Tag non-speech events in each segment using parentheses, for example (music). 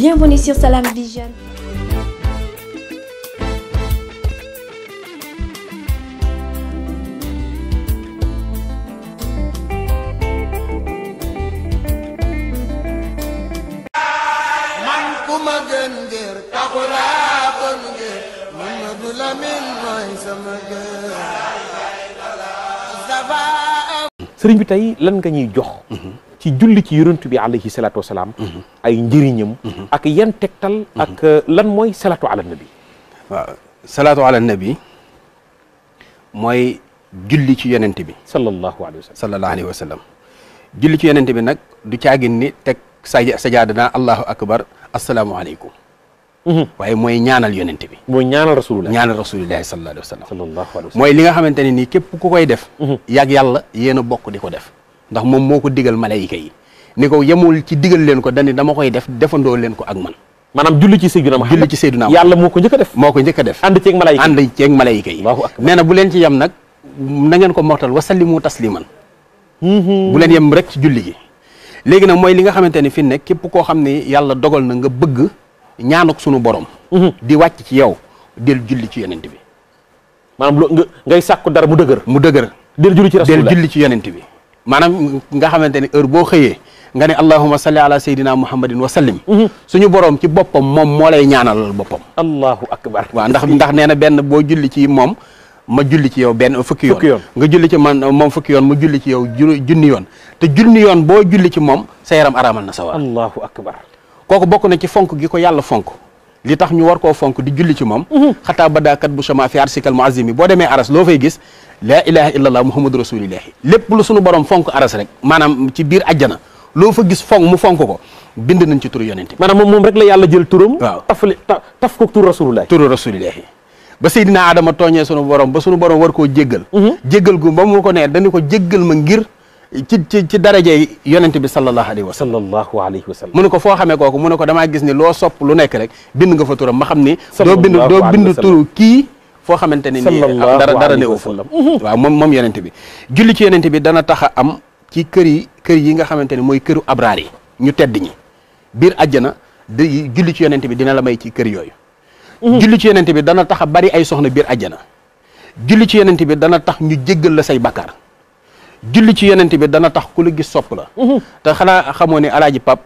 Bienvenue sur Salam Vision. Euh. sëriñ bi tey lan nga ñuy jox mhm. ci julli ci yonent bi alayhi salaatu wasalaam mhm. ay njëriñam mhm. ak yan tegtal mhm. ak euh, lan mooy salaatu ala nabi waaw mooy julli ci yonent bi sallallahu alayhi wa sallam sallallahu alayhi wa julli ci yonent bi nag du caagin ni teg sa sajaada naa allahu akbar asalaamualeykum waaye mooy ñaanal yonent bi mooy ñaanal rasulullah ñaanal rasulillahi sallallahu alayhi wa sallam mooy li nga xamante ne nii képp ku koy def yaag yàlla yéen a bokk di ko def ndax moom moo ko digal malayka yi ni ko yemul ci digal leen ko dani dama koy def defandoo leen ko ak man maanaam julli ci Seydina Muhammad julli ci Seydina Muhammad yàlla moo ko njëkk def moo ko njëkk a def ànd ceeg malayka ànd ceeg malayka yi nee na bu leen ci yem ko mortal wasallimu mm-hmm. bu leen yem rek ci julli gi léegi nag mooy li nga xamante ni fi nekk képp koo xam ne yàlla dogal na nga bëgg ñaanuk sunu borom mm-hmm. di wàcc ci yow del julli ci yonent bi maanaam loo ngay sàkku dara mu dëgër mu dëgër del julli ci rasul del julli ci yonent bi maanaam nga xamante ne heure boo xëyee nga ne allahuma salli ala sayyidina muhammadin wa sallim mhm. suñu borom ci boppam moom moo lay ñaanalal boppam allahu akbar waaw ndax ndax nee na benn boo julli ci moom ma julli ci yow benn fukki yoon nga julli ci man moom fukki yoon ma julli ci yow junni yoon te junni yoon boo julli ci moom sa yaram araamal na sa waa allahu akbar kooku bokk na ci fonk gi ko yàlla fonk li tax ñu war koo fonk di julli ci moom mhm. xataa badaakat bu sama fi arsikal muazimi boo demee aras loo fay gis laa ilaha illallah muhammadu rasulillahi lépp lu sunu borom fonk aras rek maanaam ci biir ajjana loo fa gis fonk mu fonk ko bind nañ ci turu yonente maanaam moom moom rek la yàlla jël turam waaw tafli taf ko turu rasulillahi turu rasulillahi ba Seydina Adama tooñee sunu borom ba sunu borom war koo jéggal mhm. jéggal gu ba mu ko nee dañu ko jéggal ma ngir ci ci ci daraje yonente bi sallallahu alayhi wa sallam wa sallam mu ne ko foo xamee kooku mu ne ko damaa gis ni loo sopp lu nekk rek bind nga foo xamante ne nii dara dara néew fa (laughs) waaw moom moom yonent bi julli ci yonent bi dana tax a am ci kër yi kër yi nga xamante ne mooy këru abraar yi ñu tedd ñi biir àjjana da julli ci yonent bi dina la may ci kër yooyu mm-hmm. julli ci bi dana tax a bari ay soxna biir àjjana julli ci yonent bi dana tax ñu jéggal la say bakkaar julli ci yenent bi dana tax ku la gis sopp la mhm. te xanaa xamoo ne alaaji pap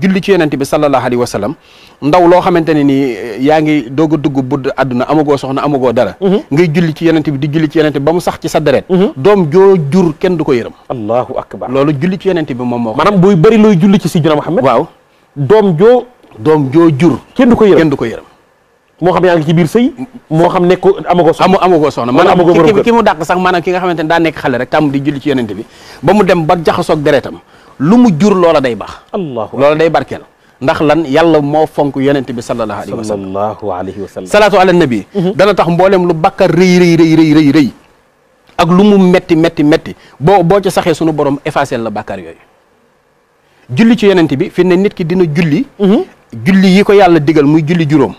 julli ci yenent bi sallallahu alayhi wa sallam ndaw loo xamante ne nii yaa ngi doog a bu budd àdduna amagoo soxna amagoo dara mhm. ngay julli ci yonent bi di julli ci yonent bi ba mu sax ci sa deret mhm. doom joo jur kenn du ko yërëm allahu akbar loolu julli ci yonent bi moom moo ko maanaam booy bëri looy julli ci sidina Muhammad waaw doom joo doom joo jur kenn du ko kenn du ko yërëm moo xam yaa ngi ci biir sëy moo xam nekk amagoo soxna amagoo soxna maanaam ki mu dàq sax maanaam ki nga xamante ne daa nekk xale rek tàmm di julli ci yonent bi ba mu dem ba jaxasoog deretam lu mu jur loola day baax allah loola day barkeel ndax lan yàlla moo fonk yonent bi sallallahu alayhi wa sallam sallallahu alayhi wa sallam salaatu ala nabi mhm. dana tax mboolem lu bakkar rëy rëy rëy rëy rëy rëy ak lu mu metti metti metti boo boo ci saxee sunu borom effacé la bakkar yooyu julli ci yonent bi fi ne nit ki dina julli mhm. julli yi ko muy julli juróom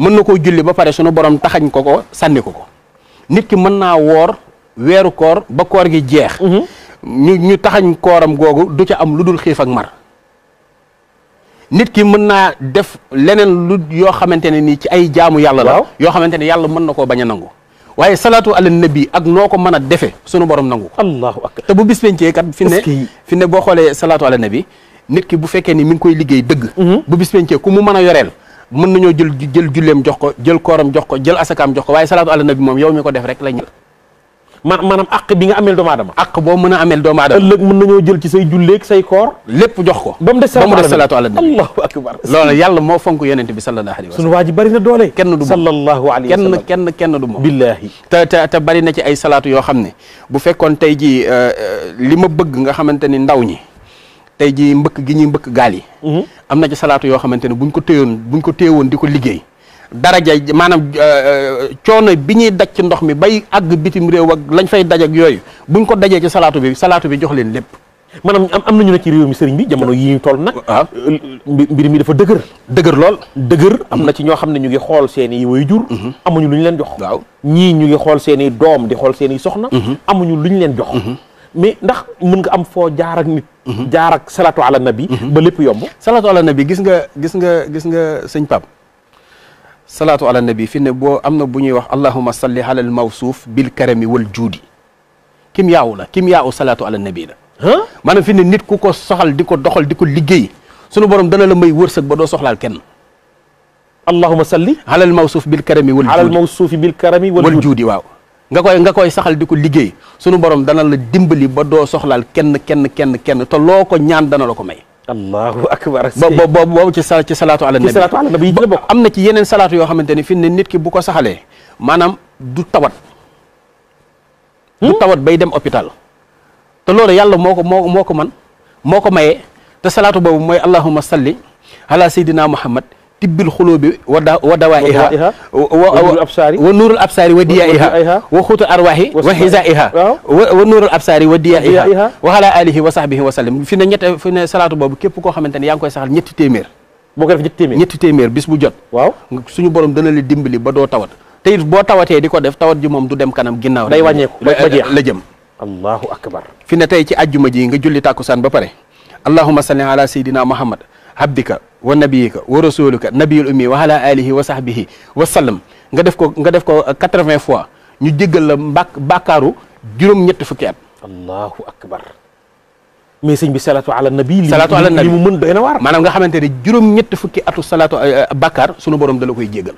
mën na koo julli ba pare sunu borom taxañ ko ko sànni ko ko nit ki mën naa woor weeru koor ba koor gi jeex mhm. ñu ñu taxañ kooram googu du ca am lu dul xiif ak mar nit ki mën naa def leneen lu yoo xamante ne nii ci ay jaamu yàlla la yoo xamante ne yàlla mën na koo bañ a nangu waaye salaatu ala nabi ak noo ko mën a defee sunu borom nangu ko allahu akbar te bu bis pencee kat fi ne boo xoolee salaatu ala nabi nit ki bu fekkee ni mi ngi koy liggéey dëgg mhm. bu bis pencee ku mu mën a yoreel mën nañoo jël jël julleem jox ko jël kooram jox ko jël asakaam jox ko waaye salaatu ala nag moom yow mi ko def rek la ñu. man maanaam àq bi nga ameel doomu aadama àq boo mën a ameel doomu aadama ëllëg mën nañoo jël ci say julleeg say koor lépp jox ko ba mu des salaatu ala nabi allahu akbar loolu yàlla moo fonk yonente bi sallallahu alayhi wa sallam sunu waa ji bari na doole kenn du sallallahu alayhi wa sallam kenn kenn kenn du moom billaahi te te te bari na ci ay salaatu yoo xam ne bu fekkoon tey ji euh, euh, li ma bëgg nga xamante ni ndaw ñi tey jii mbëkk gi ñuy mbëkk gaal yi mhm. am na ci salaatu yoo xamante ne buñ ko téyoon buñ ko téyewoon di ko liggéey daraja maanaam euh, euh, coono bi ñuy daj ci ndox mi bay àgg bitim réew ak lañ fay daj ak yooyu buñ ko dajee ci salaatu bi salaatu bi jox leen lépp maanaam am nañu ne ci réew mi sëriñ bi jamono yi ñu toll nag waaw ah. euh, mbir mi dafa dëgër dëgër lool dëgër am na ci ñoo xam ne ñu ngi xool seen i way jur mhm. amuñu lu ñu leen jox waaw ñii ñu ngi xool seen i doom di xool seen i soxna mhm. amuñu lu leen jox jaar ak salatu ala mhm. ba lépp yomb salatu ala nabi gis nga gis nga gis nga sëñ Pape salaatu ala nabi fi ne boo am na bu ñuy wax allahuma salli ala al mawsuuf bil karami wal juudi kim yaawu la kim yaawu salaatu ala nabi la maanaam fi nit ku ko soxal di ko doxal di ko liggéey sunu borom dana la may wërsëg ba doo soxlaal kenn allahuma salli ala al mawsuuf bil karami wal juudi ala al juudi waaw nga koy nga koy saxal di ko liggéey sunu borom dana la dimbali ba doo soxlaal kenn kenn kenn kenn te loo ko ñaan dana la ko may. allahu boobu ci sa ci salaatu ala nabi. ci salaatu ala nabi yi bokk am na ci yeneen salaatu yoo xamante ni fi ne nit ki bu ko saxalee maanaam du tawat. du hmm? tawat bay dem hôpital. te loolu yàlla moo ko moo moo ko man moo ko maye te salaatu boobu mooy allahumma salli ala sayyidina muhammad tibbil xuloo bi wa da wa dawaa iha wa nuurul absaari wa diya iha wa xutu arwaahi wa xisa iha wa nuurul absaari wa diya iha wa ala alihi wa sahbihi wa sallam fi ne ñett fi ne salaatu boobu képp koo xamante ne yaa ngi koy saxal ñetti téeméer boo ko def ñetti téeméer ñetti téeméer bis bu jot waaw suñu borom dana la dimbali ba doo tawat te boo tawatee di ko def tawat ji moom du dem kanam ginnaaw day wàññeeku ba jeex la jëm allahu akbar fi ne tey ci àjjuma ji nga julli saan ba pare allahuma salli ala sayidina muhammad habdika wa nabiyika wa rasulika nabiyul ummi wa ala alihi wa sahbihi wa sallam nga def ko nga def ko euh, quatre-vingts fois ñu jéggal la mbàkk bàkkaaru juróom-ñetti fukki at allahu akbar mais sëñ bi salaatu ala nabi salaatu ala nabi li mu mën doy na waar maanaam nga xamante ne juróom-ñetti fukki atu salaatu euh, bàkkaar sunu borom da la koy jéggal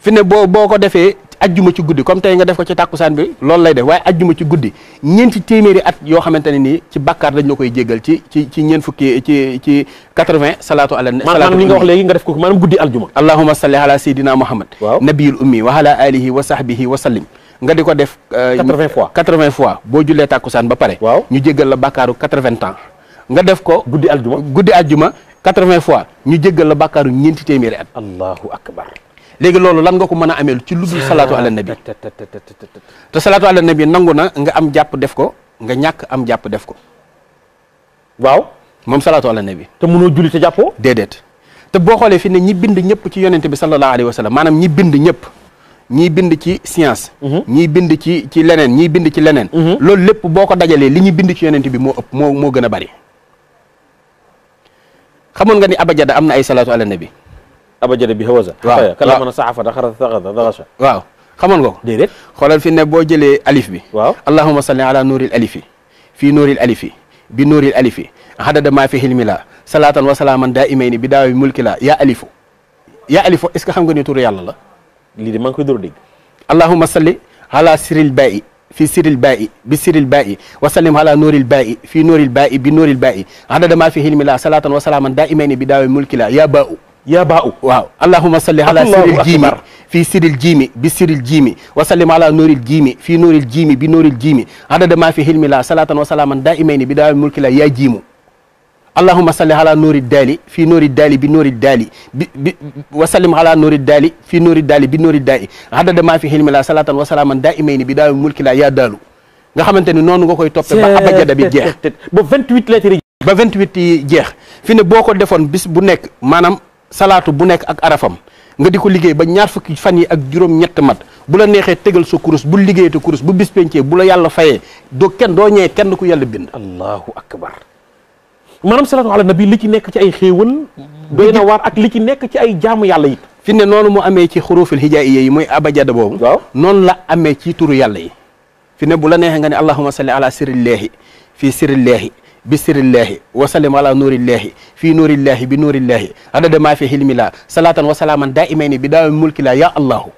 fi ne boo boo ko defee ajjuma ci guddi comme tey nga def ko ci tàkkusaan bi loolu lay def waaye ajjuma ci guddi ñeenti téeméeri at yoo xamante ne nii ci bàkkaar dañ la koy jéggal ci ci ci ñeent fukki ci ci 80 salaatu ala maanaam li nga wax léegi nga def ko maanaam guddi aljuma allahuma salli ala sayidina muhammad nabiyul ummi wa ala alihi wa sahbihi wa sallim nga di ko def 80 euh, fois 80 fois boo jullee tàkkusaan ba pare waaw ñu jéggal la bàkkaaru 80 ans nga def ko guddi aljuma guddi aljuma 80 fois ñu jéggal la bàkkaaru ñeenti téeméeri at allahu akbar léegi loolu lan nga ko mën a ameel ci lu dul salaatu ala nabi te salaatu ala nabi nangu na nga am jàpp def ko nga ñàkk am jàpp def ko waaw moom salaatu ala nabi te mënoo julli te jàppoo déedéet te boo xoolee fi ne ñi bind ñëpp ci yonente bi sallallahu alayhi wa sallam maanaam ñi bind ñëpp ñii bind ci science mhm. ñii bind ci ci leneen ñii bind ci leneen mhm. loolu lépp boo ko dajalee li ñuy bind ci yonent bi moo ëpp moo moo gën a bari xamoon nga ni abajada am na ay salaatu ala abajada bi hawaza waaw kala mën a saxafa daxara saxada daxasa ko déedéet boo jëlee alif bi allahuma salli ala nuuril alifi fii nuuril bi nuuril wa salaaman daa imayni bi daawi mulki la yaa alifu yaa alifu est ce que xam nga ni turu yàlla la lii de maa ngi koy allahuma salli ala siril bayi fii wa sallim ala bi nuuril bi mulki la yaa baa yaa baaw waaw allahumma salli ala siril jiimi fii siril jiimi bi siril jiimi wa sallim ala nuuril jiimi fii nuuril jiimi bi nuuril jiimi adada ma fi hilmi la salatan wa daa imayni bi daa mulki la yaa jiimu allahumma salli ala nuuril daali fii nuuril daali bi nuuril daali bi bi wa sallim ala nuuril fii nuuril daali bi nuuril daali adada ma fi hilmi la salatan wa salaaman daa imayni bi daa mulki la yaa daalu nga xamante ni noonu nga koy toppe ba abajada bi jeex ba 28 lettres ba 28 yi jeex fi ne boo ko defoon bis bu nekk maanaam salaatu bu nekk ak arafam nga di ko liggéey ba ñaar fukki fan yi ak juróom-ñett mat bu la neexee tegal sa kurus bu liggéeyate kurus bu bis pencee bu la yàlla fayee doo kenn doo ñëwee kenn ku yàlla bind. allahu akbar maanaam salaatu ala nabi li ci nekk ci ay xéewal doy na waar ak li ci nekk ci ay jaamu yàlla it. fi ne noonu mu amee ci xurufil hijaaiya yi mooy abajada boobu. waaw noonu la amee ci turu yàlla yi. fi ne bu la neexee nga ne allahumma salli ala sirri leehi fii sirri leehi bi sirillaahi wasallim ala nuurillaahi fii nuurillaahi bi nuurillaahi adada maa fi hilmilaa salaatan wa salaaman daa imayni bi daawami mulkilaa yaa allahu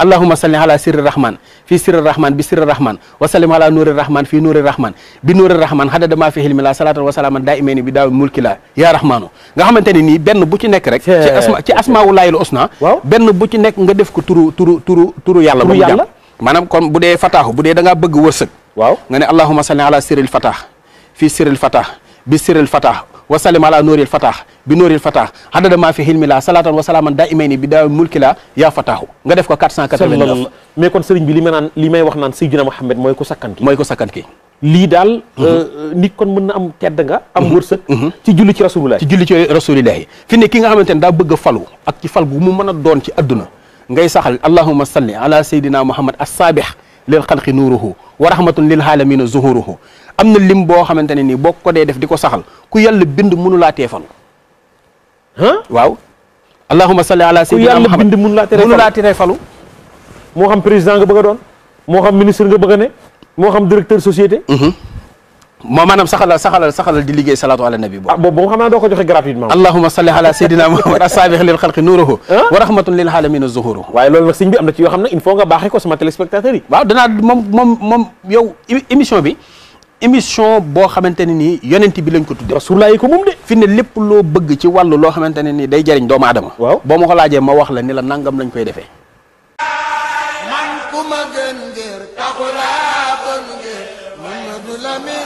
allahuma salli ala sirri rahman fii sirri rahman bi sirri rahman wasallim ala nuuri rahman fii nuuri rahman bi nuuri rahman adada maa fi hilmilaa salaatan wa salaaman daa imayni bi daawami mulkilaa yaa rahmaanu nga xamante ne nii benn bu ci nekk rek ci asma ci asmaawulaayil usna waaw benn bu ci nekk nga def ko turu turu turu turu yàlla ba mu maanaam kon bu dee fataaxu bu dee danga bëgg wërsëg waaw nga ne allahuma salli ala siril fatah fii siril fatah bi siril fatah wa sallim ala bi nooril fatah adada maa fi xilmi laa salaatan wa salaaman daa imayni bi daa mulki laa yaa fataahu nga def ko 489 mais kon sëriñ bi li ma naan li may wax naan Seydina Muhammad mooy ko sakkan ki mooy ko sakkan lii daal mhm. euh, euh, nit kon mën na am tedd nga am mhm. wërsëg mhm. ci julli ci rasulillah ci julli ci rasulillah yi fi ne ki nga xamante ne daa bëgg a falu ak ci fal gu mu mën a doon ci adduna ngay saxal allahuma salli ala as saabih lil xalqi nuuruhu wa rahmatun lil haalamina zuhuruhu am na lim boo xamante ne nii boo ko dee def di ko saxal ku yàlla bind munu laa teefalu waaw allahuma salli ala sayyidina muhammad ku yàlla bind mënu laa teefalu mënu laa teefalu moo xam président nga bëgg doon moo xam ministre nga bëgg ne moo xam directeur société mhm. moo maanaam saxalal saxalal saxalal di liggéey salaatu ala nabi boobu ah boobu xam allahuma salli ala sayyidina muhammad asabih lil nuruhu waaye loolu nag bi am na ci yoo xam ne il faut ko sama téléspectateurs yi waaw danaa moom moom moom yow émission bi émission boo xamante ne nii yonent bi lañ ko tudde rasulullah yi ko moom de fi ne lépp loo bëgg ci wàllu loo xamante ne day jëriñ doomu aadama waaw boo ma ko ma wax la ni la nangam lañ koy defee man ku ma gën ngir taxulaa gën ngir